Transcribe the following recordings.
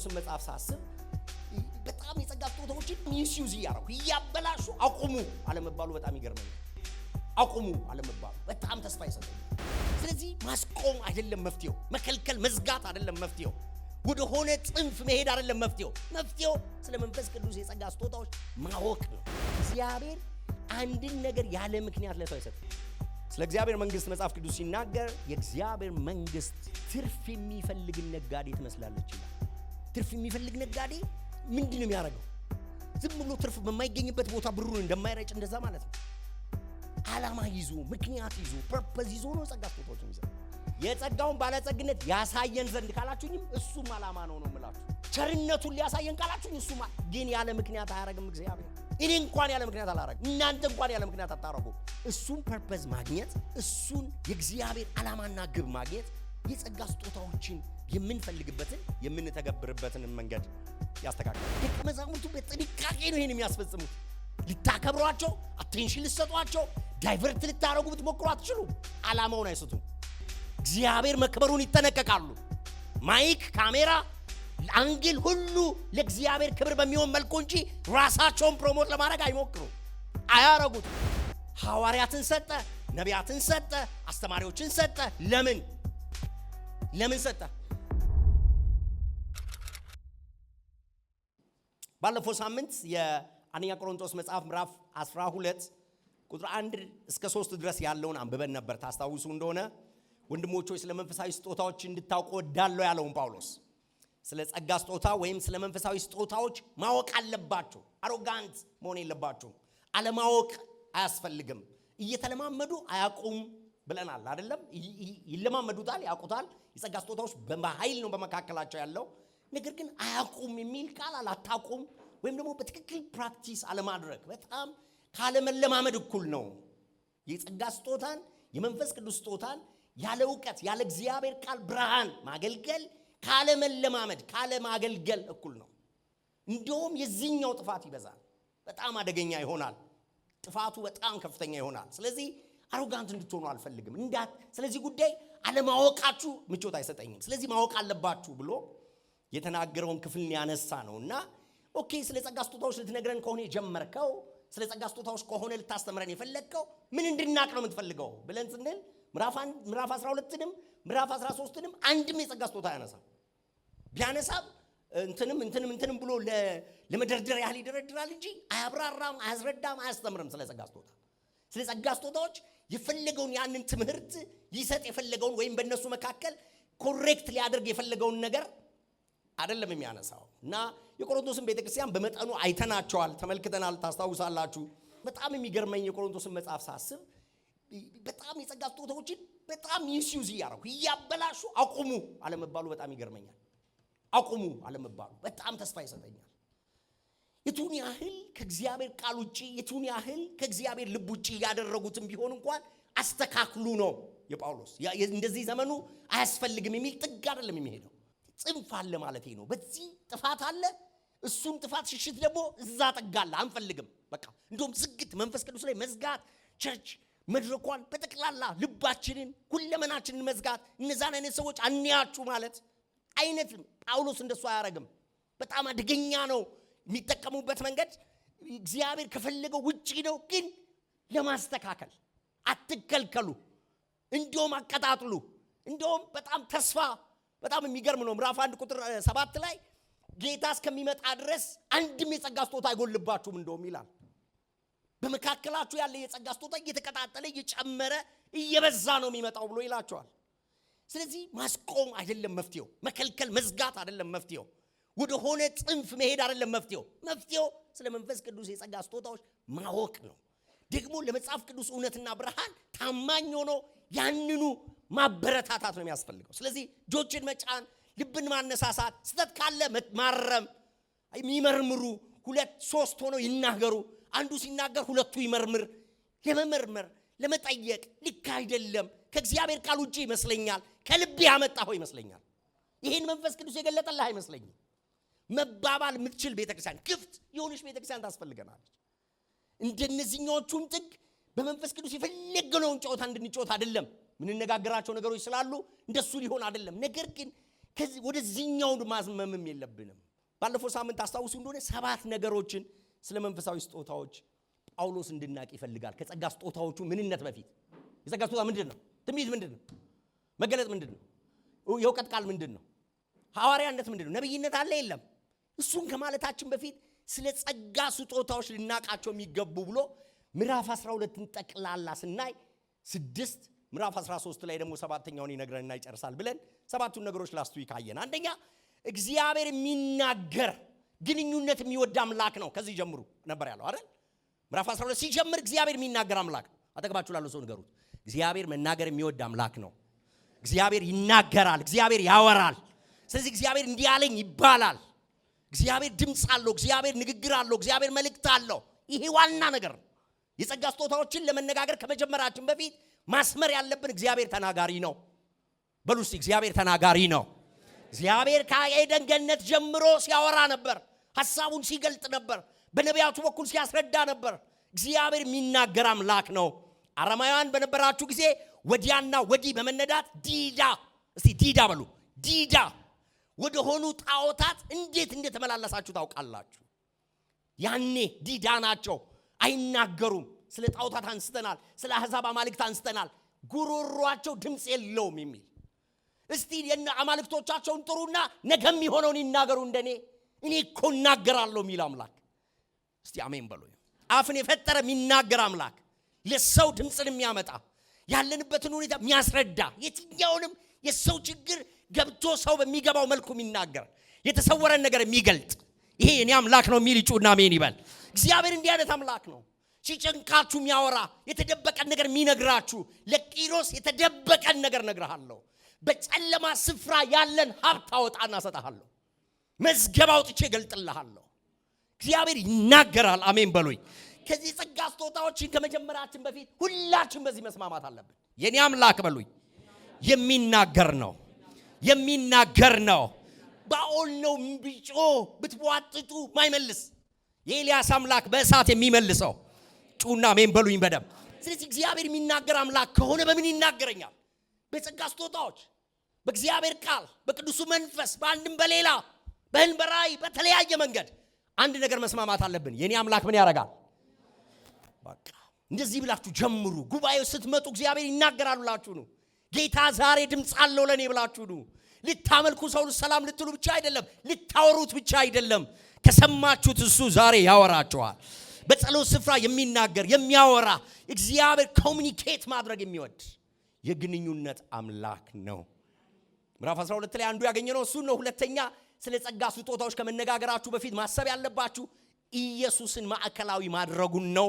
ቅዱስን መጽሐፍ ሳስብ በጣም የጸጋ ስጦታዎችን ሚስዩዝ እያረኩ እያበላሹ አቁሙ አለመባሉ በጣም ይገርመኛል። አቁሙ አለመባሉ በጣም ተስፋ ይሰጠኝ። ስለዚህ ማስቆም አይደለም መፍትሄው፣ መከልከል መዝጋት አይደለም መፍትሄው፣ ወደ ሆነ ጽንፍ መሄድ አይደለም መፍትሄው። መፍትሄው ስለ መንፈስ ቅዱስ የጸጋ ስጦታዎች ማወቅ ነው። እግዚአብሔር አንድን ነገር ያለ ምክንያት ለሰው አይሰጥም። ስለ እግዚአብሔር መንግስት መጽሐፍ ቅዱስ ሲናገር የእግዚአብሔር መንግስት ትርፍ የሚፈልግን ነጋዴ ትመስላለች ይላል። ትርፍ የሚፈልግ ነጋዴ ምንድን ነው የሚያደርገው? ዝም ብሎ ትርፍ በማይገኝበት ቦታ ብሩን እንደማይረጭ እንደዛ ማለት ነው። ዓላማ ይዞ ምክንያት ይዞ ፐርፐዝ ይዞ ነው ጸጋ ስጦታዎች ይዘ የጸጋውን ባለጸግነት ያሳየን ዘንድ ካላችሁኝም እሱም ዓላማ ነው ነው የምላችሁ። ቸርነቱን ሊያሳየን ካላችሁኝ እሱም ግን ያለ ምክንያት አያረግም እግዚአብሔር። እኔ እንኳን ያለ ምክንያት አላረግም፣ እናንተ እንኳን ያለ ምክንያት አታረጉ። እሱን ፐርፐዝ ማግኘት እሱን የእግዚአብሔር ዓላማና ግብ ማግኘት የጸጋ ስጦታዎችን የምንፈልግበትን የምንተገብርበትን መንገድ ያስተካክላል ደቀ መዛሙርቱ በጥንቃቄ ነው ይህን የሚያስፈጽሙት። ልታከብሯቸው፣ አቴንሽን ልትሰጧቸው፣ ዳይቨርት ልታደረጉ ብትሞክሩ አትችሉ። አላማውን አይሰቱም። እግዚአብሔር መክበሩን ይጠነቀቃሉ። ማይክ፣ ካሜራ፣ አንግል ሁሉ ለእግዚአብሔር ክብር በሚሆን መልኩ እንጂ ራሳቸውን ፕሮሞት ለማድረግ አይሞክሩ፣ አያረጉት። ሐዋርያትን ሰጠ፣ ነቢያትን ሰጠ፣ አስተማሪዎችን ሰጠ። ለምን? ለምን ሰጠ? ባለፈው ሳምንት የአንደኛ ቆሮንቶስ መጽሐፍ ምዕራፍ 12 ቁጥር 1 እስከ 3 ድረስ ያለውን አንብበን ነበር። ታስታውሱ እንደሆነ ወንድሞች ስለ መንፈሳዊ ስጦታዎች እንድታውቁ እወዳለሁ ያለውን ጳውሎስ ስለ ጸጋ ስጦታ ወይም ስለ መንፈሳዊ ስጦታዎች ማወቅ አለባችሁ። አሮጋንት መሆን የለባችሁም። አለማወቅ አያስፈልግም። እየተለማመዱ አያውቁም ብለናል አይደለም? ይለማመዱታል፣ ያውቁታል። የጸጋ ስጦታዎች በኃይል ነው በመካከላቸው ያለው ነገር ግን አያቁም የሚል ቃል አላታቁም ወይም ደግሞ በትክክል ፕራክቲስ አለማድረግ በጣም ካለመለማመድ እኩል ነው። የጸጋ ስጦታን የመንፈስ ቅዱስ ስጦታን ያለ እውቀት ያለ እግዚአብሔር ቃል ብርሃን ማገልገል ካለመለማመድ ካለማገልገል እኩል ነው። እንዲሁም የዚህኛው ጥፋት ይበዛል፣ በጣም አደገኛ ይሆናል። ጥፋቱ በጣም ከፍተኛ ይሆናል። ስለዚህ አሮጋንት እንድትሆኑ አልፈልግም። እንዳት ስለዚህ ጉዳይ አለማወቃችሁ ምቾት አይሰጠኝም፣ ስለዚህ ማወቅ አለባችሁ ብሎ የተናገረውን ክፍል ያነሳ ነው እና ኦኬ፣ ስለ ጸጋ ስጦታዎች ልትነግረን ከሆነ የጀመርከው ስለ ጸጋ ስጦታዎች ከሆነ ልታስተምረን የፈለግከው ምን እንድናቅ ነው የምትፈልገው ብለን ስንል ምራፍ 12ንም ምራፍ 13ንም አንድም የጸጋ ስጦታ ያነሳ ቢያነሳ እንትንም እንትንም እንትንም ብሎ ለመደርደር ያህል ይደረድራል እንጂ አያብራራም፣ አያስረዳም፣ አያስተምርም ስለ ጸጋ ስጦታ ስለ ጸጋ ስጦታዎች የፈለገውን ያንን ትምህርት ሊሰጥ የፈለገውን ወይም በእነሱ መካከል ኮሬክት ሊያደርግ የፈለገውን ነገር አይደለም የሚያነሳው እና የቆሮንቶስን ቤተክርስቲያን በመጠኑ አይተናቸዋል፣ ተመልክተናል። ታስታውሳላችሁ። በጣም የሚገርመኝ የቆሮንቶስን መጽሐፍ ሳስብ በጣም የጸጋ ስጦታዎችን በጣም ሚስዩዝ እያደረጉ እያበላሹ አቁሙ አለመባሉ በጣም ይገርመኛል። አቁሙ አለመባሉ በጣም ተስፋ ይሰጠኛል። የቱን ያህል ከእግዚአብሔር ቃል ውጭ የቱን ያህል ከእግዚአብሔር ልብ ውጭ እያደረጉትም ቢሆን እንኳን አስተካክሉ ነው የጳውሎስ። እንደዚህ ዘመኑ አያስፈልግም የሚል ጥግ አይደለም የሚሄደው። ጽንፍ አለ ማለት ነው። በዚህ ጥፋት አለ፣ እሱን ጥፋት ሽሽት ደግሞ እዛ ጠጋለ፣ አንፈልግም። በቃ እንዲሁም ዝግት መንፈስ ቅዱስ ላይ መዝጋት ቸርች መድረኳን በጠቅላላ ልባችንን ሁለመናችንን መዝጋት እነዛን አይነት ሰዎች አንያችሁ ማለት አይነት ጳውሎስ እንደሱ አያረግም። በጣም አደገኛ ነው። የሚጠቀሙበት መንገድ እግዚአብሔር ከፈለገው ውጭ ነው። ግን ለማስተካከል አትከልከሉ፣ እንዲሁም አቀጣጥሉ። እንዲሁም በጣም ተስፋ በጣም የሚገርም ነው። ምዕራፍ አንድ ቁጥር ሰባት ላይ ጌታ እስከሚመጣ ድረስ አንድም የጸጋ ስጦታ አይጎልባችሁም እንደውም ይላል። በመካከላችሁ ያለ የጸጋ ስጦታ እየተቀጣጠለ እየጨመረ እየበዛ ነው የሚመጣው ብሎ ይላቸዋል። ስለዚህ ማስቆም አይደለም መፍትሄው፣ መከልከል መዝጋት አይደለም መፍትሄው። ወደ ሆነ ጽንፍ መሄድ አይደለም መፍትሄው። መፍትሄው ስለ መንፈስ ቅዱስ የጸጋ ስጦታዎች ማወቅ ነው። ደግሞ ለመጽሐፍ ቅዱስ እውነትና ብርሃን ታማኝ ሆኖ ያንኑ ማበረታታት ነው የሚያስፈልገው። ስለዚህ እጆችን መጫን፣ ልብን ማነሳሳት፣ ስህተት ካለ ማረም፣ የሚመርምሩ ሁለት ሶስት ሆነው ይናገሩ። አንዱ ሲናገር ሁለቱ ይመርምር። ለመመርመር ለመጠየቅ ልክ አይደለም ከእግዚአብሔር ቃል ውጭ ይመስለኛል፣ ከልብ ያመጣኸው ይመስለኛል፣ ይህን መንፈስ ቅዱስ የገለጠልህ አይመስለኝም። መባባል የምትችል ቤተክርስቲያን፣ ክፍት የሆነች ቤተክርስቲያን ታስፈልገናለች። እንደነዚህኛዎቹም ጥግ በመንፈስ ቅዱስ የፈለገነውን ጨዋታ እንድንጫወት አይደለም። የምንነጋገራቸው ነገሮች ስላሉ እንደሱ ሊሆን አይደለም። ነገር ግን ወደዚህኛው ማዝመምም የለብንም። ባለፈው ሳምንት አስታውሱ እንደሆነ ሰባት ነገሮችን ስለ መንፈሳዊ ስጦታዎች ጳውሎስ እንድናቅ ይፈልጋል። ከጸጋ ስጦታዎቹ ምንነት በፊት የጸጋ ስጦታ ምንድን ነው? ትንቢት ምንድን ነው? መገለጥ ምንድን ነው? የእውቀት ቃል ምንድን ነው? ሐዋርያነት ምንድን ነው? ነቢይነት አለ የለም? እሱን ከማለታችን በፊት ስለ ጸጋ ስጦታዎች ልናቃቸው የሚገቡ ብሎ ምዕራፍ 12 ጠቅላላ ስናይ ስድስት ምዕራፍ 13 ላይ ደግሞ ሰባተኛውን ይነግረንና ይጨርሳል ብለን ሰባቱን ነገሮች ላስቱ ይካየን። አንደኛ እግዚአብሔር የሚናገር ግንኙነት የሚወድ አምላክ ነው። ከዚህ ጀምሩ ነበር ያለው አይደል? ምዕራፍ 12 ሲጀምር እግዚአብሔር የሚናገር አምላክ ነው። አጠገባችሁ ላለው ሰው ንገሩት፣ እግዚአብሔር መናገር የሚወድ አምላክ ነው። እግዚአብሔር ይናገራል፣ እግዚአብሔር ያወራል። ስለዚህ እግዚአብሔር እንዲህ አለኝ ይባላል። እግዚአብሔር ድምፅ አለው። እግዚአብሔር ንግግር አለው። እግዚአብሔር መልእክት አለው። ይሄ ዋና ነገር ነው። የጸጋ ስጦታዎችን ለመነጋገር ከመጀመራችን በፊት ማስመር ያለብን እግዚአብሔር ተናጋሪ ነው። በሉ እስቲ እግዚአብሔር ተናጋሪ ነው። እግዚአብሔር ከኤደን ገነት ጀምሮ ሲያወራ ነበር። ሐሳቡን ሲገልጥ ነበር። በነቢያቱ በኩል ሲያስረዳ ነበር። እግዚአብሔር የሚናገር አምላክ ነው። አረማውያን በነበራችሁ ጊዜ ወዲያና ወዲህ በመነዳት ዲዳ፣ እስቲ ዲዳ በሉ ዲዳ ወደ ሆኑ ጣዖታት እንዴት እንደተመላለሳችሁ ታውቃላችሁ። ያኔ ዲዳ ናቸው፣ አይናገሩም። ስለ ጣዖታት አንስተናል፣ ስለ አሕዛብ አማልክት አንስተናል። ጉሮሯቸው ድምፅ የለውም የሚል እስቲ የነ አማልክቶቻቸውን ጥሩና ነገ የሚሆነውን ይናገሩ እንደኔ እኔ እኮ እናገራለሁ የሚል አምላክ እስቲ አሜን በሉ። አፍን የፈጠረ የሚናገር አምላክ ለሰው ድምፅን የሚያመጣ ያለንበትን ሁኔታ የሚያስረዳ የትኛውንም የሰው ችግር ገብቶ ሰው በሚገባው መልኩ የሚናገር የተሰወረን ነገር የሚገልጥ ይሄ እኔ አምላክ ነው የሚል ይጩና ሜን ይበል። እግዚአብሔር እንዲህ አይነት አምላክ ነው። ሲጨንቃችሁ የሚያወራ የተደበቀን ነገር የሚነግራችሁ፣ ለቂሮስ የተደበቀን ነገር ነግርሃለሁ። በጨለማ ስፍራ ያለን ሀብት አወጣና ሰጠሃለሁ። መዝገብ አውጥቼ ገልጥልሃለሁ። እግዚአብሔር ይናገራል። አሜን በሉኝ። ከዚህ ጸጋ ስጦታዎችን ከመጀመራችን በፊት ሁላችን በዚህ መስማማት አለብን። የእኔ አምላክ በሉኝ የሚናገር ነው የሚናገር ነው። ባኦል ነው ብጮ ብትቧጥጡ ማይመልስ የኤልያስ አምላክ በእሳት የሚመልሰው ጩና ሜን በሉኝ በደም። ስለዚህ እግዚአብሔር የሚናገር አምላክ ከሆነ በምን ይናገረኛል? በጸጋ ስጦታዎች፣ በእግዚአብሔር ቃል፣ በቅዱሱ መንፈስ፣ በአንድም በሌላ በህልም በራእይ በተለያየ መንገድ አንድ ነገር መስማማት አለብን። የኔ አምላክ ምን ያደርጋል? በቃ እንደዚህ ብላችሁ ጀምሩ። ጉባኤው ስትመጡ እግዚአብሔር ይናገራሉላችሁ ነው ጌታ ዛሬ ድምፅ አለው ለእኔ ብላችሁ ኑ። ልታመልኩ ሰውን ሰላም ልትሉ ብቻ አይደለም፣ ልታወሩት ብቻ አይደለም። ከሰማችሁት እሱ ዛሬ ያወራችኋል። በጸሎት ስፍራ የሚናገር የሚያወራ እግዚአብሔር ኮሚኒኬት ማድረግ የሚወድ የግንኙነት አምላክ ነው። ምዕራፍ 12 ላይ አንዱ ያገኘነው እሱን ነው። ሁለተኛ ስለ ጸጋ ስጦታዎች ከመነጋገራችሁ በፊት ማሰብ ያለባችሁ ኢየሱስን ማዕከላዊ ማድረጉን ነው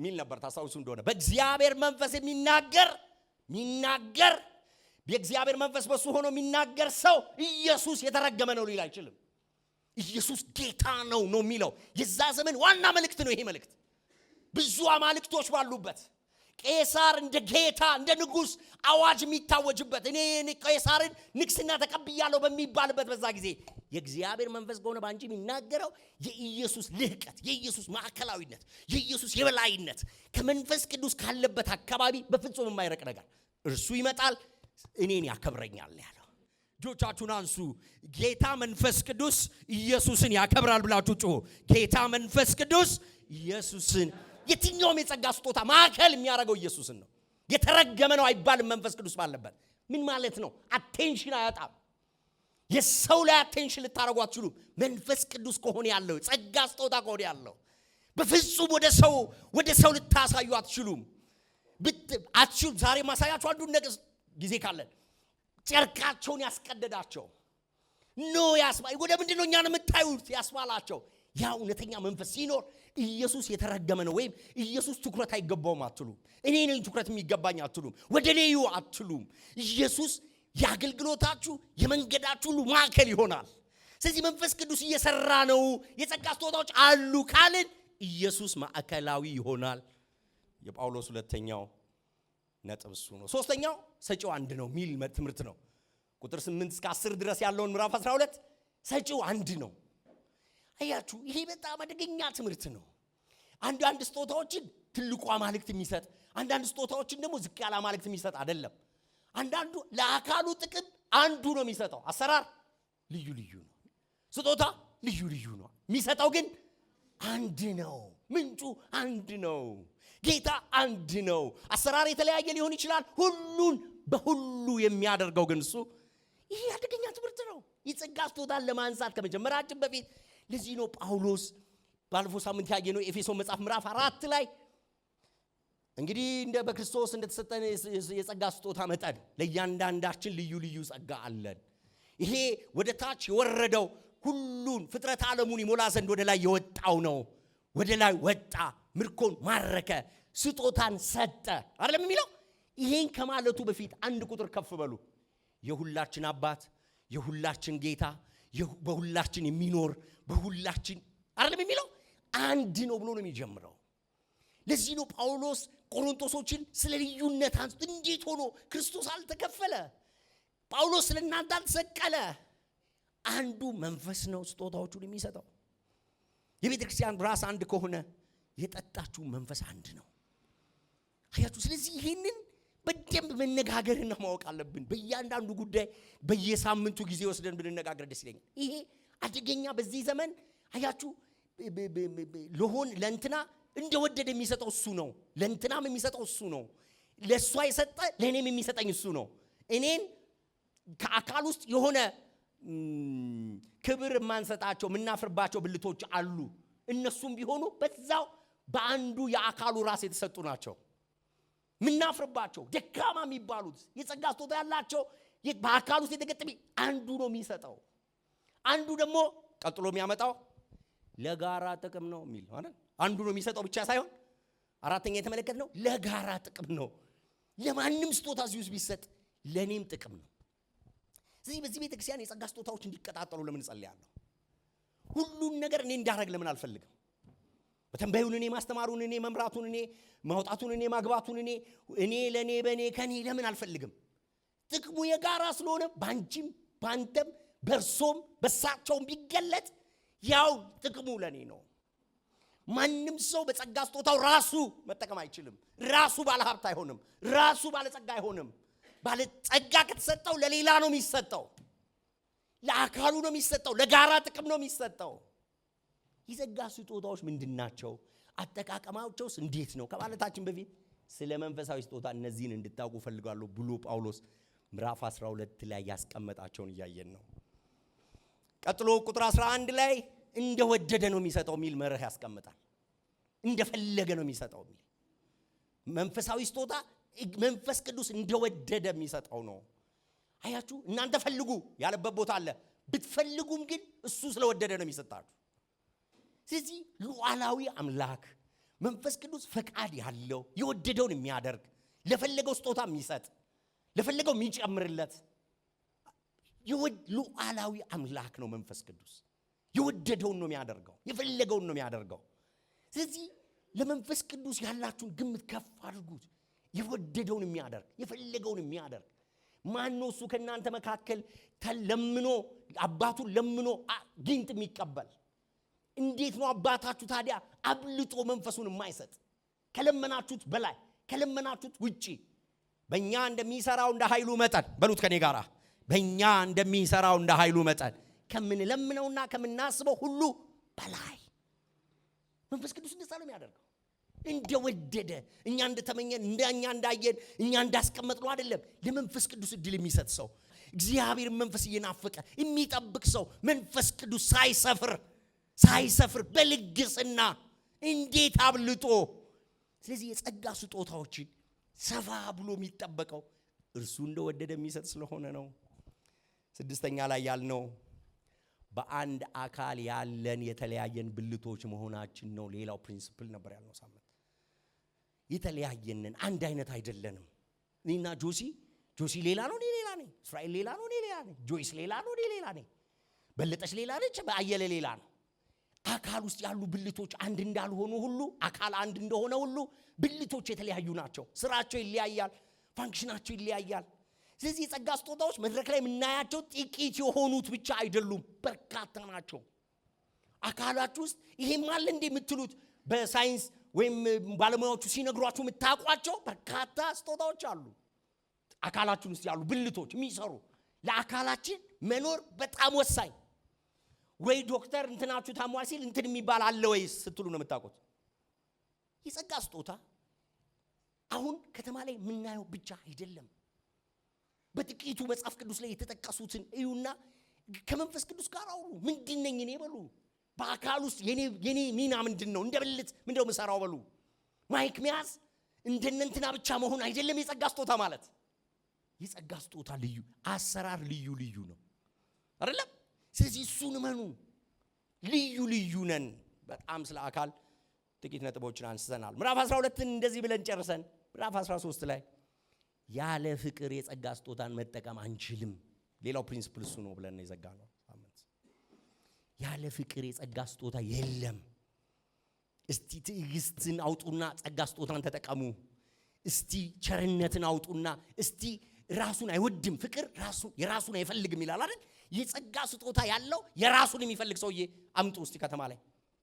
የሚል ነበር። ታስታውሱ እንደሆነ በእግዚአብሔር መንፈስ የሚናገር ሚናገር የእግዚአብሔር መንፈስ በሱ ሆኖ የሚናገር ሰው ኢየሱስ የተረገመ ነው ሊል አይችልም። ኢየሱስ ጌታ ነው ነው የሚለው የዛ ዘመን ዋና መልእክት ነው። ይሄ መልእክት ብዙ አማልክቶች ባሉበት ቄሳር እንደ ጌታ እንደ ንጉሥ አዋጅ የሚታወጅበት እኔ ቄሳርን ንግስና ተቀብያለሁ በሚባልበት በዛ ጊዜ የእግዚአብሔር መንፈስ ከሆነ በአንቺ የሚናገረው የኢየሱስ ልህቀት፣ የኢየሱስ ማዕከላዊነት፣ የኢየሱስ የበላይነት ከመንፈስ ቅዱስ ካለበት አካባቢ በፍጹም የማይረቅ ነገር እርሱ ይመጣል፣ እኔን ያከብረኛል ያለው። እጆቻችሁን አንሱ። ጌታ መንፈስ ቅዱስ ኢየሱስን ያከብራል ብላችሁ ጩሁ። ጌታ መንፈስ ቅዱስ ኢየሱስን የትኛውም የጸጋ ስጦታ ማዕከል የሚያደርገው ኢየሱስን ነው። የተረገመ ነው አይባልም። መንፈስ ቅዱስ ባለበት ምን ማለት ነው? አቴንሽን አያጣም። የሰው ላይ አቴንሽን ልታደርጉ አትችሉም። መንፈስ ቅዱስ ከሆነ ያለው ጸጋ ስጦታ ከሆነ ያለው በፍጹም ወደ ሰው ወደ ሰው ልታሳዩ አትችሉም። አችሁ ዛሬ ማሳያችሁ አንዱን ነገር ጊዜ ካለን ጨርቃቸውን ያስቀደዳቸው ኖ ያስባ ወደ ምንድን ነው እኛን የምታዩት ያስባላቸው ያ እውነተኛ መንፈስ ሲኖር ኢየሱስ የተረገመ ነው ወይም ኢየሱስ ትኩረት አይገባውም አትሉም። እኔ ነኝ ትኩረት የሚገባኝ አትሉም። ወደ ሌዩ አትሉም። ኢየሱስ የአገልግሎታችሁ የመንገዳችሁ ሁሉ ማዕከል ይሆናል። ስለዚህ መንፈስ ቅዱስ እየሰራ ነው። የጸጋ ስጦታዎች አሉ ካልን ኢየሱስ ማዕከላዊ ይሆናል። የጳውሎስ ሁለተኛው ነጥብ እሱ ነው። ሶስተኛው ሰጪው አንድ ነው ሚል ትምህርት ነው። ቁጥር 8 እስከ 10 ድረስ ያለውን ምዕራፍ 12 ሰጪው አንድ ነው። አያችሁ፣ ይሄ በጣም አደገኛ ትምህርት ነው። አንዳንድ ስጦታዎችን ትልቁ አማልክት የሚሰጥ አንዳንድ ስጦታዎችን ደግሞ ዝቅ ያለ አማልክት የሚሰጥ አይደለም። አንዳንዱ ለአካሉ ጥቅም አንዱ ነው የሚሰጠው። አሰራር ልዩ ልዩ ነው። ስጦታ ልዩ ልዩ ነው። የሚሰጠው ግን አንድ ነው። ምንጩ አንድ ነው። ጌታ አንድ ነው። አሰራር የተለያየ ሊሆን ይችላል። ሁሉን በሁሉ የሚያደርገው ግን እሱ። ይህ አደገኛ ትምህርት ነው። የጸጋ ስጦታን ለማንሳት ከመጀመራችን በፊት ለዚህ ነው ጳውሎስ ባለፈው ሳምንት ያየነው ኤፌሶ መጽሐፍ ምዕራፍ አራት ላይ እንግዲህ እንደ በክርስቶስ እንደተሰጠን የጸጋ ስጦታ መጠን ለእያንዳንዳችን ልዩ ልዩ ጸጋ አለን። ይሄ ወደ ታች የወረደው ሁሉን ፍጥረት ዓለሙን ይሞላ ዘንድ ወደ ላይ የወጣው ነው። ወደ ላይ ወጣ፣ ምርኮን ማረከ፣ ስጦታን ሰጠ አይደለም የሚለው። ይሄን ከማለቱ በፊት አንድ ቁጥር ከፍ በሉ። የሁላችን አባት፣ የሁላችን ጌታ፣ በሁላችን የሚኖር በሁላችን አይደለም የሚለው አንድ ነው ብሎ ነው የሚጀምረው። ለዚህ ነው ጳውሎስ ቆሮንቶሶችን ስለ ልዩነት አንስቶ እንዴት ሆኖ ክርስቶስ አልተከፈለ፣ ጳውሎስ ስለ እናንተ አልተሰቀለ፣ አንዱ መንፈስ ነው ስጦታዎቹን የሚሰጠው። የቤተ ክርስቲያን ራስ አንድ ከሆነ የጠጣችሁ መንፈስ አንድ ነው። አያችሁ። ስለዚህ ይህንን በደንብ መነጋገርና ማወቅ አለብን። በእያንዳንዱ ጉዳይ በየሳምንቱ ጊዜ ወስደን ብንነጋገር ደስ ይለኛል። ይሄ አደገኛ በዚህ ዘመን አያችሁ፣ ለሆን ለእንትና እንደወደደ የሚሰጠው እሱ ነው። ለእንትናም የሚሰጠው እሱ ነው። ለእሷ የሰጠ ለእኔም የሚሰጠኝ እሱ ነው። እኔን ከአካል ውስጥ የሆነ ክብር የማንሰጣቸው የምናፍርባቸው ብልቶች አሉ። እነሱም ቢሆኑ በዛው በአንዱ የአካሉ ራስ የተሰጡ ናቸው። ምናፍርባቸው ደካማ የሚባሉት የጸጋ ስጦታ ያላቸው በአካል ውስጥ የተገጠመ አንዱ ነው የሚሰጠው፣ አንዱ ደግሞ ቀጥሎ የሚያመጣው ለጋራ ጥቅም ነው የሚል አንዱ ነው የሚሰጠው ብቻ ሳይሆን አራተኛ የተመለከት ነው ለጋራ ጥቅም ነው። ለማንም ስጦታ እዚህ ውስጥ ቢሰጥ ለእኔም ጥቅም ነው ስለዚህ በዚህ ቤተ ክርስቲያን የጸጋ ስጦታዎች እንዲቀጣጠሉ ለምን እጸልያለሁ? ሁሉን ነገር እኔ እንዳረግ ለምን አልፈልግም? በተንበዩን እኔ ማስተማሩን እኔ መምራቱን እኔ ማውጣቱን እኔ ማግባቱን እኔ እኔ ለእኔ በእኔ ከኔ ለምን አልፈልግም? ጥቅሙ የጋራ ስለሆነ በአንቺም በአንተም በእርሶም በሳቸውም ቢገለጥ ያው ጥቅሙ ለእኔ ነው። ማንም ሰው በጸጋ ስጦታው ራሱ መጠቀም አይችልም። ራሱ ባለ ሀብት አይሆንም። ራሱ ባለጸጋ አይሆንም። ባለጸጋ ከተሰጠው ለሌላ ነው የሚሰጠው፣ ለአካሉ ነው የሚሰጠው፣ ለጋራ ጥቅም ነው የሚሰጠው። የጸጋ ስጦታዎች ምንድን ናቸው? አጠቃቀማቸውስ እንዴት ነው? ከማለታችን በፊት ስለ መንፈሳዊ ስጦታ እነዚህን እንድታውቁ ፈልጋለሁ ብሎ ጳውሎስ ምዕራፍ 12 ላይ ያስቀመጣቸውን እያየን ነው። ቀጥሎ ቁጥር 11 ላይ እንደወደደ ነው የሚሰጠው የሚል መርህ ያስቀምጣል። እንደፈለገ ነው የሚሰጠው የሚል መንፈሳዊ ስጦታ መንፈስ ቅዱስ እንደወደደ የሚሰጠው ነው። አያችሁ፣ እናንተ ፈልጉ ያለበት ቦታ አለ። ብትፈልጉም ግን እሱ ስለወደደ ነው የሚሰጣችሁ። ስለዚህ ሉዓላዊ አምላክ መንፈስ ቅዱስ ፈቃድ ያለው የወደደውን የሚያደርግ ለፈለገው ስጦታ የሚሰጥ ለፈለገው የሚጨምርለት ሉዓላዊ አምላክ ነው። መንፈስ ቅዱስ የወደደውን ነው የሚያደርገው፣ የፈለገውን ነው የሚያደርገው። ስለዚህ ለመንፈስ ቅዱስ ያላችሁን ግምት ከፍ አድርጉት። የወደደውን የሚያደርግ የፈለገውን የሚያደርግ ማን ነው? እሱ ከእናንተ መካከል ተለምኖ አባቱን ለምኖ ግንጥ የሚቀበል እንዴት ነው አባታችሁ ታዲያ አብልጦ መንፈሱን የማይሰጥ? ከለመናችሁት በላይ ከለመናችሁት ውጪ በእኛ እንደሚሰራው እንደ ኃይሉ መጠን በሉት ከኔ ጋራ በእኛ እንደሚሰራው እንደ ኃይሉ መጠን ከምንለምነውና ከምናስበው ሁሉ በላይ መንፈስ ቅዱስ እንደዛ ነው የሚያደርገው። እንደወደደ እኛ እንደተመኘን እንደኛ እንዳየን እኛ ነው አይደለም። ለመንፈስ ቅዱስ እድል የሚሰጥ ሰው እግዚአብሔር መንፈስ እየናፈቀ የሚጠብቅ ሰው መንፈስ ቅዱስ ሳይሰፍር ሳይሰፍር በልግስና እንዴት አብልጦ። ስለዚህ የጸጋ ስጦታዎችን ሰፋ ብሎ የሚጠበቀው እርሱ እንደወደደ የሚሰጥ ስለሆነ ነው። ስድስተኛ ላይ ያልነው በአንድ አካል ያለን የተለያየን ብልቶች መሆናችን ነው። ሌላው ፕሪንስፕል ነበር ያልነው ሳምንት የተለያየንን አንድ አይነት አይደለንም። እኔና ጆሲ ጆሲ ሌላ ነው፣ እኔ ሌላ ነኝ። እስራኤል ሌላ ነው፣ እኔ ሌላ ነኝ። ጆይስ ሌላ ነው፣ እኔ ሌላ ነኝ። በለጠች ሌላ ነች፣ በአየለ ሌላ ነው። አካል ውስጥ ያሉ ብልቶች አንድ እንዳልሆኑ ሁሉ አካል አንድ እንደሆነ ሁሉ ብልቶች የተለያዩ ናቸው። ስራቸው ይለያያል፣ ፋንክሽናቸው ይለያያል። ስለዚህ የጸጋ ስጦታዎች መድረክ ላይ የምናያቸው ጥቂት የሆኑት ብቻ አይደሉም፣ በርካታ ናቸው። አካላችሁ ውስጥ ይሄም አለ እንደ የምትሉት በሳይንስ ወይም ባለሙያዎቹ ሲነግሯችሁ የምታውቋቸው በርካታ ስጦታዎች አሉ። አካላችን ውስጥ ያሉ ብልቶች የሚሰሩ ለአካላችን መኖር በጣም ወሳኝ። ወይ ዶክተር እንትናችሁ ታሟል ሲል እንትን የሚባል አለ ወይ ስትሉ ነው የምታውቁት። የጸጋ ስጦታ አሁን ከተማ ላይ የምናየው ብቻ አይደለም። በጥቂቱ መጽሐፍ ቅዱስ ላይ የተጠቀሱትን እዩና ከመንፈስ ቅዱስ ጋር አውሩ። ምንድነኝ እኔ በሉ በአካል ውስጥ የኔ ሚና ምንድን ነው? እንደ ብልት ምንድነው ምሰራው? በሉ ማይክ መያዝ እንደነንትና ብቻ መሆን አይደለም። የጸጋ ስጦታ ማለት የጸጋ ስጦታ ልዩ አሰራር ልዩ ልዩ ነው አይደለም። ስለዚህ እሱን መኑ ልዩ ልዩ ነን። በጣም ስለ አካል ጥቂት ነጥቦችን አንስተናል። ምዕራፍ 12ን እንደዚህ ብለን ጨርሰን ምዕራፍ 13 ላይ ያለ ፍቅር የጸጋ ስጦታን መጠቀም አንችልም። ሌላው ፕሪንስፕል እሱ ነው ብለን የዘጋ ነው። ያለ ፍቅር የጸጋ ስጦታ የለም። እስቲ ትዕግስትን አውጡና ጸጋ ስጦታን ተጠቀሙ። እስቲ ቸርነትን አውጡና እስቲ ራሱን አይወድም ፍቅር ራሱን የራሱን አይፈልግም ይላል አይደል? የጸጋ ስጦታ ያለው የራሱን የሚፈልግ ሰውዬ አምጡ እስቲ ከተማ ላይ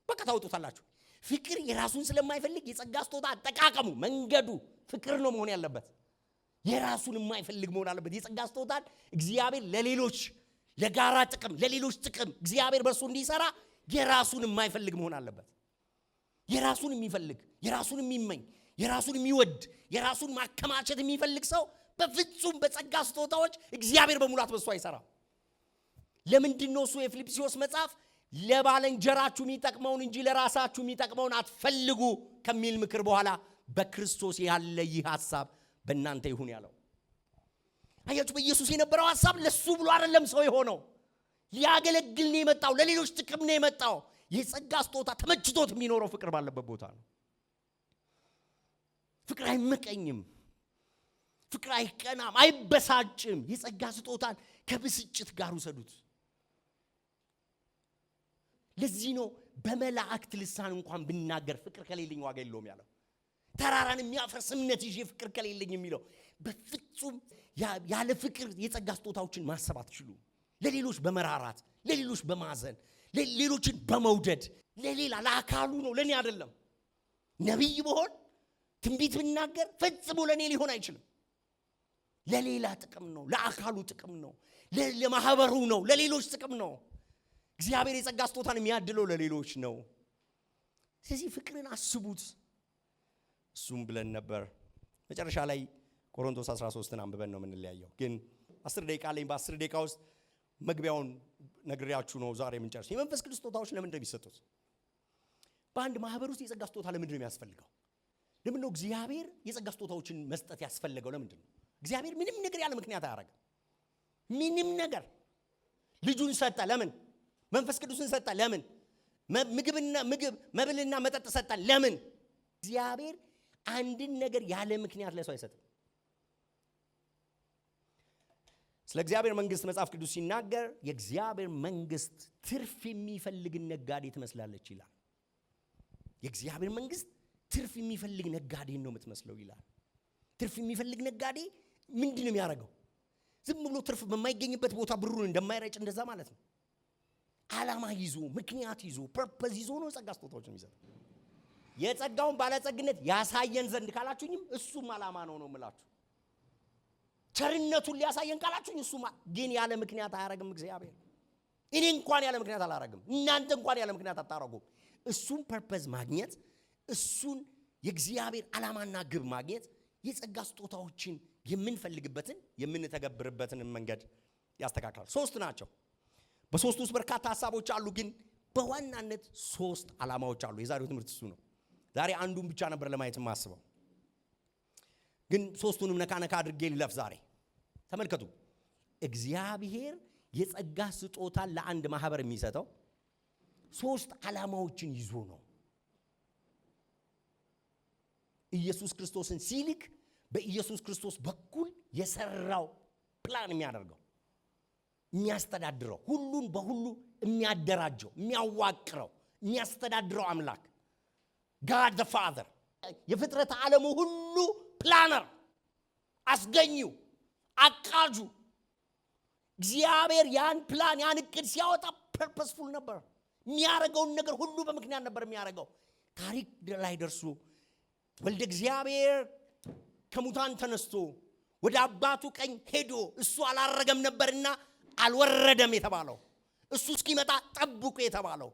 በቃ ታወጡታላችሁ። ፍቅር የራሱን ስለማይፈልግ የጸጋ ስጦታ አጠቃቀሙ መንገዱ ፍቅር ነው መሆን ያለበት። የራሱን የማይፈልግ መሆን አለበት። የጸጋ ስጦታን እግዚአብሔር ለሌሎች ለጋራ ጥቅም፣ ለሌሎች ጥቅም እግዚአብሔር በእርሱ እንዲሰራ የራሱን የማይፈልግ መሆን አለበት። የራሱን የሚፈልግ የራሱን የሚመኝ የራሱን የሚወድ የራሱን ማከማቸት የሚፈልግ ሰው በፍጹም በጸጋ ስጦታዎች እግዚአብሔር በሙላት በእሱ አይሰራም። ለምንድን ነው እሱ የፊልጵስዩስ መጽሐፍ ለባለንጀራችሁ የሚጠቅመውን እንጂ ለራሳችሁ የሚጠቅመውን አትፈልጉ ከሚል ምክር በኋላ በክርስቶስ ያለ ይህ ሀሳብ በእናንተ ይሁን ያለው? አያችሁ፣ በኢየሱስ የነበረው ሀሳብ ለሱ ብሎ አይደለም ሰው የሆነው። ሊያገለግል ነው የመጣው፣ ለሌሎች ጥቅም ነው የመጣው። የጸጋ ስጦታ ተመችቶት የሚኖረው ፍቅር ባለበት ቦታ ነው። ፍቅር አይመቀኝም፣ ፍቅር አይቀናም፣ አይበሳጭም። የጸጋ ስጦታን ከብስጭት ጋር ውሰዱት። ለዚህ ነው በመላእክት ልሳን እንኳን ብናገር ፍቅር ከሌለኝ ዋጋ የለውም ያለው። ተራራን የሚያፈርስ እምነት ይዤ ፍቅር ከሌለኝ የሚለው በፍጹም ያለ ፍቅር የጸጋ ስጦታዎችን ማሰብ አትችሉ። ለሌሎች በመራራት ለሌሎች በማዘን ሌሎችን በመውደድ ለሌላ ለአካሉ ነው፣ ለእኔ አይደለም። ነቢይ ብሆን ትንቢት ብናገር ፈጽሞ ለእኔ ሊሆን አይችልም። ለሌላ ጥቅም ነው፣ ለአካሉ ጥቅም ነው፣ ለማህበሩ ነው፣ ለሌሎች ጥቅም ነው። እግዚአብሔር የጸጋ ስጦታን የሚያድለው ለሌሎች ነው። ስለዚህ ፍቅርን አስቡት። እሱም ብለን ነበር መጨረሻ ላይ ቆሮንቶስ 13ን አንብበን ነው የምንለያየው። ግን አስር ደቂቃ አለኝ። በአስር ደቂቃ ውስጥ መግቢያውን ነግሬያችሁ ነው ዛሬ የምንጨርሰው። የመንፈስ ቅዱስ ስጦታዎች ለምንድን ነው የሚሰጡት? በአንድ ማህበር ውስጥ የጸጋ ስጦታ ለምንድን ነው የሚያስፈልገው? ለምን ነው እግዚአብሔር የጸጋ ስጦታዎችን መስጠት ያስፈለገው? ለምንድን ነው እግዚአብሔር ምንም ነገር ያለ ምክንያት አያደርግም። ምንም ነገር ልጁን ሰጠ። ለምን? መንፈስ ቅዱስን ሰጠ። ለምን? ምግብና ምግብ መብልና መጠጥ ሰጠ? ለምን? እግዚአብሔር አንድን ነገር ያለ ምክንያት ለሰው አይሰጥም። ስለ እግዚአብሔር መንግስት መጽሐፍ ቅዱስ ሲናገር የእግዚአብሔር መንግስት ትርፍ የሚፈልግን ነጋዴ ትመስላለች ይላል። የእግዚአብሔር መንግስት ትርፍ የሚፈልግ ነጋዴን ነው የምትመስለው ይላል። ትርፍ የሚፈልግ ነጋዴ ምንድን ነው የሚያደርገው? ዝም ብሎ ትርፍ በማይገኝበት ቦታ ብሩን እንደማይረጭ እንደዛ ማለት ነው። አላማ ይዞ ምክንያት ይዞ ፐርፐዝ ይዞ ነው የጸጋ ስጦታዎች የሚሰጠው። የጸጋውን ባለጸግነት ያሳየን ዘንድ ካላችሁኝም እሱም አላማ ነው ነው የምላችሁ ቸርነቱን ሊያሳየን ካላችሁኝ እሱማ ግን ያለ ምክንያት አያረግም እግዚአብሔር። እኔ እንኳን ያለ ምክንያት አላረግም፣ እናንተ እንኳን ያለ ምክንያት አታረጉም። እሱን ፐርፐዝ ማግኘት እሱን የእግዚአብሔር ዓላማና ግብ ማግኘት የጸጋ ስጦታዎችን የምንፈልግበትን የምንተገብርበትን መንገድ ያስተካክላል። ሶስት ናቸው። በሶስት ውስጥ በርካታ ሀሳቦች አሉ፣ ግን በዋናነት ሶስት ዓላማዎች አሉ። የዛሬው ትምህርት እሱ ነው። ዛሬ አንዱን ብቻ ነበር ለማየት ማስበው ግን ሶስቱንም ነካ ነካ አድርጌ ልለፍ ዛሬ ተመልከቱ እግዚአብሔር የጸጋ ስጦታን ለአንድ ማህበር የሚሰጠው ሶስት ዓላማዎችን ይዞ ነው። ኢየሱስ ክርስቶስን ሲልክ በኢየሱስ ክርስቶስ በኩል የሰራው ፕላን የሚያደርገው የሚያስተዳድረው፣ ሁሉን በሁሉ የሚያደራጀው፣ የሚያዋቅረው፣ የሚያስተዳድረው አምላክ ጋድ ዘ ፋዘር የፍጥረት ዓለሙ ሁሉ ፕላነር አስገኙ አቃጁ። እግዚአብሔር ያን ፕላን ያን እቅድ ሲያወጣ ፐርፐስፉል ነበር። የሚያደርገውን ነገር ሁሉ በምክንያት ነበር የሚያደርገው። ታሪክ ላይ ደርሶ ወልደ እግዚአብሔር ከሙታን ተነስቶ ወደ አባቱ ቀኝ ሄዶ እሱ አላረገም ነበርና አልወረደም የተባለው እሱ እስኪመጣ ጠብቁ የተባለው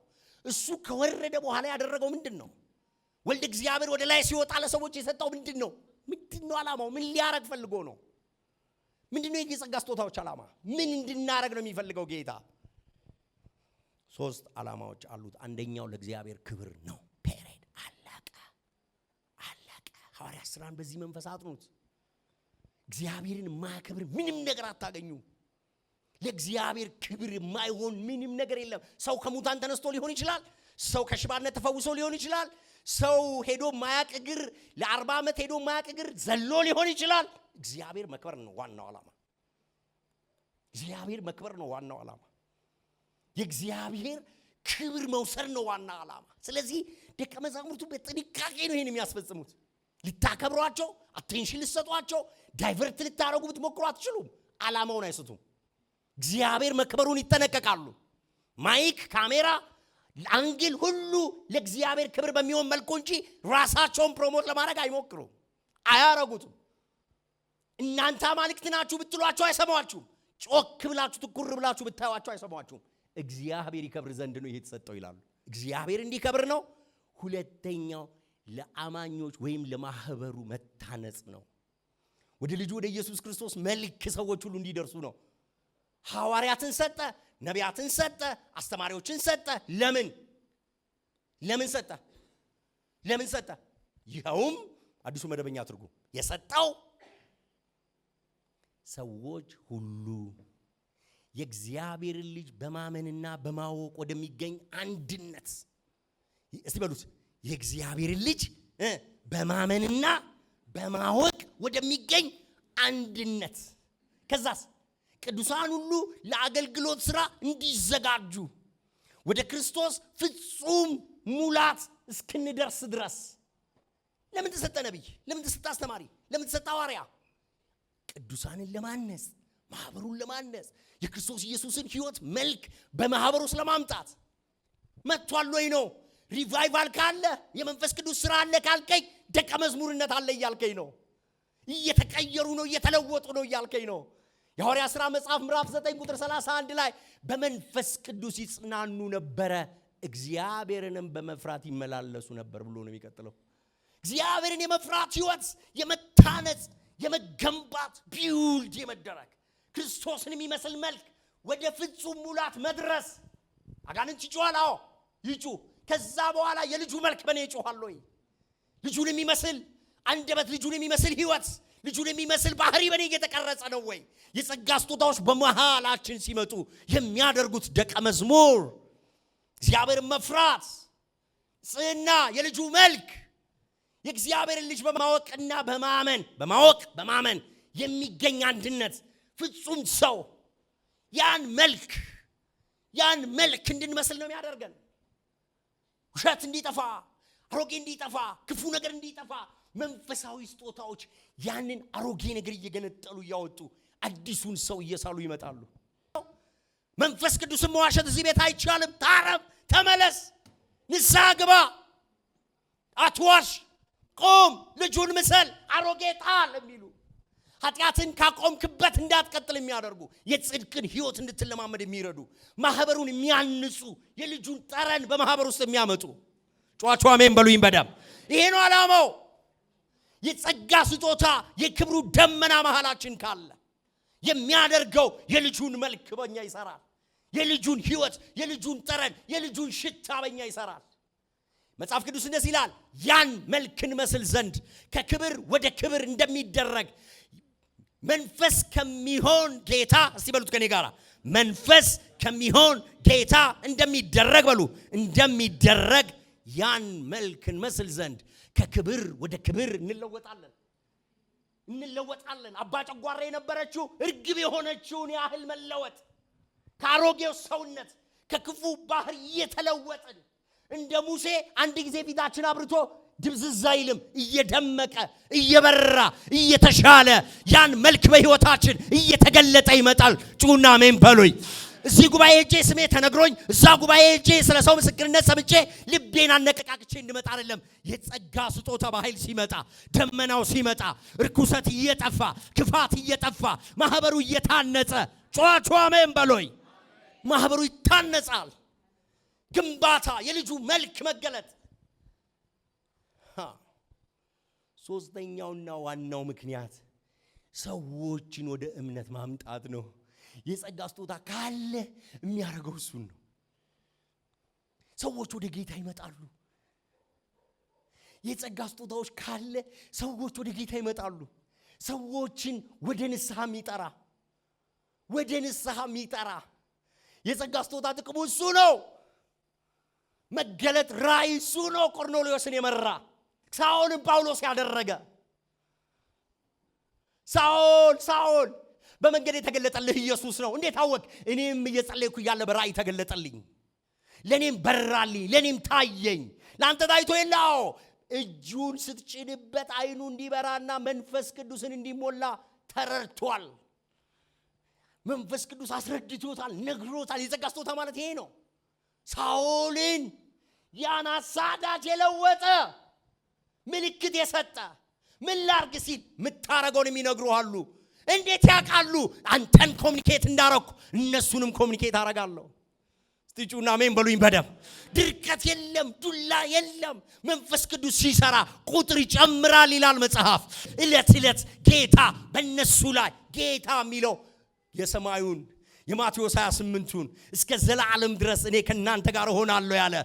እሱ ከወረደ በኋላ ያደረገው ምንድን ነው? ወልደ እግዚአብሔር ወደ ላይ ሲወጣ ለሰዎች የሰጠው ምንድን ነው? ምንድን ነው ዓላማው? ምን ሊያረግ ፈልጎ ነው? ምንድነው ነው የጸጋ ስጦታዎች ዓላማ? ምን እንድናረግ ነው የሚፈልገው ጌታ? ሶስት ዓላማዎች አሉት። አንደኛው ለእግዚአብሔር ክብር ነው። ፔሬድ አለቀ፣ አለቀ። ሐዋርያ ስራን በዚህ መንፈስ አጥኑት። እግዚአብሔርን ማክብር ምንም ነገር አታገኙ። ለእግዚአብሔር ክብር የማይሆን ምንም ነገር የለም። ሰው ከሙታን ተነስቶ ሊሆን ይችላል። ሰው ከሽባነት ተፈውሶ ሊሆን ይችላል። ሰው ሄዶ ማያቅ እግር ለአርባ ዓመት ሄዶ ማያቅ እግር ዘሎ ሊሆን ይችላል። እግዚአብሔር መክበር ነው ዋናው ዓላማ። እግዚአብሔር መክበር ነው ዋናው ዓላማ። የእግዚአብሔር ክብር መውሰድ ነው ዋና ዓላማ። ስለዚህ ደቀ መዛሙርቱ በጥንቃቄ ነው ይህን የሚያስፈጽሙት። ልታከብሯቸው፣ አቴንሽን ልትሰጧቸው፣ ዳይቨርት ልታደረጉ ብትሞክሩ አትችሉም። ዓላማውን አይስቱም። እግዚአብሔር መክበሩን ይጠነቀቃሉ። ማይክ፣ ካሜራ፣ አንግል ሁሉ ለእግዚአብሔር ክብር በሚሆን መልኩ እንጂ ራሳቸውን ፕሮሞት ለማድረግ አይሞክሩም፣ አያረጉትም። እናንተ አማልክት ናችሁ ብትሏቸው አይሰማችሁም። ጮክ ብላችሁ ትኩር ብላችሁ ብታዩቸው አይሰማችሁም። እግዚአብሔር ይከብር ዘንድ ነው ይሄ የተሰጠው ይላሉ። እግዚአብሔር እንዲከብር ነው። ሁለተኛው ለአማኞች ወይም ለማህበሩ መታነጽ ነው። ወደ ልጁ ወደ ኢየሱስ ክርስቶስ መልክ ሰዎች ሁሉ እንዲደርሱ ነው። ሐዋርያትን ሰጠ፣ ነቢያትን ሰጠ፣ አስተማሪዎችን ሰጠ። ለምን ለምን ሰጠ? ለምን ሰጠ? ይኸውም አዲሱ መደበኛ ትርጉም የሰጠው ሰዎች ሁሉ የእግዚአብሔርን ልጅ በማመንና በማወቅ ወደሚገኝ አንድነት እስቲ በሉት የእግዚአብሔርን ልጅ በማመንና በማወቅ ወደሚገኝ አንድነት ከዛስ ቅዱሳን ሁሉ ለአገልግሎት ሥራ እንዲዘጋጁ ወደ ክርስቶስ ፍጹም ሙላት እስክንደርስ ድረስ ለምን ተሰጠ ነቢይ? ለምን ተሰጠ አስተማሪ? ለምን ተሰጠ ሐዋርያ? ቅዱሳንን ለማነጽ ማህበሩን ለማነጽ የክርስቶስ ኢየሱስን ህይወት መልክ በማህበር ውስጥ ለማምጣት መጥቷል ወይ ነው። ሪቫይቫል ካለ የመንፈስ ቅዱስ ስራ አለ ካልከኝ ደቀ መዝሙርነት አለ እያልከኝ ነው። እየተቀየሩ ነው፣ እየተለወጡ ነው እያልከኝ ነው። የሐዋርያ ሥራ መጽሐፍ ምዕራፍ 9 ቁጥር 31 ላይ በመንፈስ ቅዱስ ይጽናኑ ነበረ፣ እግዚአብሔርንም በመፍራት ይመላለሱ ነበር ብሎ ነው የሚቀጥለው። እግዚአብሔርን የመፍራት ህይወት የመታነጽ የመገንባት ቢውልድ የመደረግ ክርስቶስን የሚመስል መልክ ወደ ፍጹም ሙላት መድረስ። አጋንንት ይጮኋል። አዎ ይጩህ። ከዛ በኋላ የልጁ መልክ በእኔ ይጮኋል ወይ? ልጁን የሚመስል አንደበት፣ ልጁን የሚመስል ህይወት፣ ልጁን የሚመስል ባህሪ በእኔ እየተቀረጸ ነው ወይ? የጸጋ ስጦታዎች በመሃላችን ሲመጡ የሚያደርጉት ደቀ መዝሙር፣ እግዚአብሔርን መፍራት፣ ጽና፣ የልጁ መልክ የእግዚአብሔርን ልጅ በማወቅና በማመን በማወቅ በማመን የሚገኝ አንድነት ፍጹም ሰው ያን መልክ ያን መልክ እንድንመስል ነው የሚያደርገን። ውሸት እንዲጠፋ፣ አሮጌ እንዲጠፋ፣ ክፉ ነገር እንዲጠፋ መንፈሳዊ ስጦታዎች ያንን አሮጌ ነገር እየገነጠሉ እያወጡ አዲሱን ሰው እየሳሉ ይመጣሉ። መንፈስ ቅዱስን መዋሸት እዚህ ቤት አይቻልም። ታረም፣ ተመለስ፣ ንስሐ ግባ፣ አትዋሽ። ቆም፣ ልጁን ምሰል፣ አሮጌ ጣል የሚሉ ኃጢአትን ካቆምክበት እንዳትቀጥል የሚያደርጉ የጽድቅን ህይወት እንድትለማመድ የሚረዱ ማህበሩን የሚያንጹ የልጁን ጠረን በማህበር ውስጥ የሚያመጡ ጨዋቸዋሜን በሉኝ። በደም ይሄ ነው ዓላማው። የጸጋ ስጦታ የክብሩ ደመና መሃላችን ካለ የሚያደርገው የልጁን መልክ በኛ ይሰራል። የልጁን ህይወት፣ የልጁን ጠረን፣ የልጁን ሽታ በኛ ይሰራል። መጽሐፍ ቅዱስ እንደዚህ ይላል፣ ያን መልክን መስል ዘንድ ከክብር ወደ ክብር እንደሚደረግ መንፈስ ከሚሆን ጌታ እስቲ በሉት ከኔ ጋር መንፈስ ከሚሆን ጌታ እንደሚደረግ በሉ እንደሚደረግ ያን መልክ እንመስል ዘንድ ከክብር ወደ ክብር እንለወጣለን እንለወጣለን። አባ ጨጓራ የነበረችው እርግብ የሆነችውን ያህል መለወጥ ከአሮጌው ሰውነት ከክፉ ባህር እየተለወጥን እንደ ሙሴ አንድ ጊዜ ፊታችን አብርቶ ድብዝዝ አይልም። እየደመቀ እየበራ እየተሻለ ያን መልክ በሕይወታችን እየተገለጠ ይመጣል። ጩና ሜን በሉኝ። እዚህ ጉባኤ እጄ ስሜ ተነግሮኝ እዛ ጉባኤ እጄ ስለ ሰው ምስክርነት ሰምቼ ልቤን አነቀቃቅቼ እንድመጣ አይደለም። የጸጋ ስጦታ በኃይል ሲመጣ፣ ደመናው ሲመጣ፣ እርኩሰት እየጠፋ፣ ክፋት እየጠፋ፣ ማህበሩ እየታነጸ ጨዋቸዋ ሜን በሎይ ማህበሩ ይታነጻል። ግንባታ፣ የልጁ መልክ መገለጥ። ሶስተኛውና ዋናው ምክንያት ሰዎችን ወደ እምነት ማምጣት ነው። የጸጋ ስጦታ ካለ የሚያደርገው እሱን ነው። ሰዎች ወደ ጌታ ይመጣሉ። የጸጋ ስጦታዎች ካለ ሰዎች ወደ ጌታ ይመጣሉ። ሰዎችን ወደ ንስሐ የሚጠራ ወደ ንስሐ የሚጠራ የጸጋ ስጦታ ጥቅሙ እሱ ነው። መገለጥ ራእይ እሱ ነው። ቆርኔሌዎስን የመራ ሳኦልን ጳውሎስ ያደረገ ሳኦል ሳኦል በመንገድ የተገለጠልህ ኢየሱስ ነው። እንዴት አወቅ? እኔም እየጸለይኩ እያለ በራእይ ተገለጠልኝ፣ ለእኔም በራልኝ፣ ለእኔም ታየኝ። ለአንተ ታይቶ የላው እጁን ስትጭንበት አይኑ እንዲበራና መንፈስ ቅዱስን እንዲሞላ ተረድቷል። መንፈስ ቅዱስ አስረድቶታል፣ ነግሮታል። የጸጋ ስጦታ ማለት ይሄ ነው። ሳኦልን ያን አሳዳጅ የለወጠ ምልክት የሰጠ ምን ላርግ ሲል ምታረገውንም አሉ። እንዴት ያውቃሉ? አንተን ኮሚኒኬት እንዳረኩ እነሱንም ኮሚኒኬት አረጋለሁ። ስትጩና ሜን በሉኝ በደም ድርቀት የለም፣ ዱላ የለም። መንፈስ ቅዱስ ሲሰራ ቁጥር ይጨምራል ይላል መጽሐፍ። እለት እለት ጌታ በእነሱ ላይ ጌታ የሚለው የሰማዩን የማቴዎስ 28ቱን እስከ ዘላለም ድረስ እኔ ከእናንተ ጋር እሆናለሁ ያለ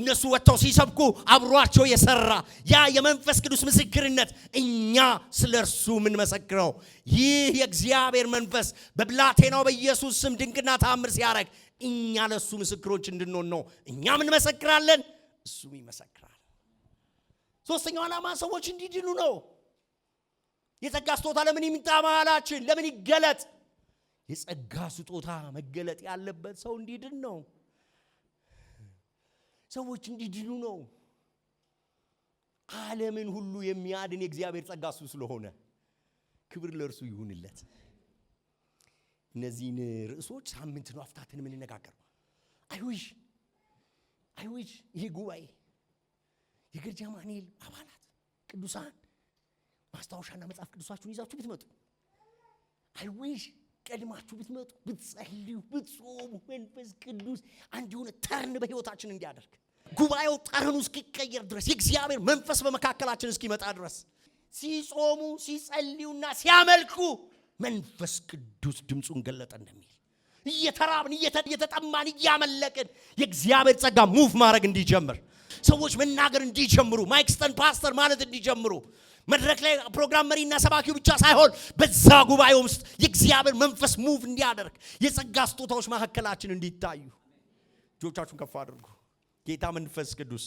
እነሱ ወጥተው ሲሰብኩ አብሯቸው የሰራ ያ የመንፈስ ቅዱስ ምስክርነት እኛ ስለ እርሱ የምንመሰክረው ይህ የእግዚአብሔር መንፈስ በብላቴናው በኢየሱስ ስም ድንቅና ተአምር ሲያደርግ እኛ ለእሱ ምስክሮች እንድንሆን ነው። እኛም እንመሰክራለን፣ እሱም ይመሰክራል። ሶስተኛው ዓላማ ሰዎች እንዲድኑ ነው። የጸጋ ስጦታ ለምን ይምጣ መሃላችን? ለምን ይገለጥ? የጸጋ ስጦታ መገለጥ ያለበት ሰው እንዲድን ነው። ሰዎች እንዲድኑ ነው። ዓለምን ሁሉ የሚያድን የእግዚአብሔር ጸጋ እሱ ስለሆነ ክብር ለእርሱ ይሁንለት። እነዚህን ርዕሶች ሳምንት ነው አፍታትን የምንነጋገር አይዊሽ አይዊሽ ይህ ጉባኤ የግርጃ ማኔል አባላት ቅዱሳን ማስታወሻና መጽሐፍ ቅዱሳችሁን ይዛችሁ ብትመጡ አይዊሽ ቀድማችሁ ብትመጡ ብትጸልዩ ብትጾሙ መንፈስ ቅዱስ አንድ የሆነ ተርን በህይወታችን እንዲያደርግ ጉባኤው ጠረኑ እስኪቀየር ድረስ የእግዚአብሔር መንፈስ በመካከላችን እስኪመጣ ድረስ ሲጾሙ ሲጸልዩና ሲያመልኩ መንፈስ ቅዱስ ድምፁን ገለጠ እንደሚል እየተራብን እየተጠማን እያመለቅን የእግዚአብሔር ጸጋ ሙቭ ማድረግ እንዲጀምር ሰዎች መናገር እንዲጀምሩ ማይክስተን ፓስተር ማለት እንዲጀምሩ መድረክ ላይ ፕሮግራም መሪና ሰባኪው ብቻ ሳይሆን በዛ ጉባኤ ውስጥ የእግዚአብሔር መንፈስ ሙቭ እንዲያደርግ የጸጋ ስጦታዎች መካከላችን እንዲታዩ እጆቻችሁን ከፍ አድርጉ። ጌታ መንፈስ ቅዱስ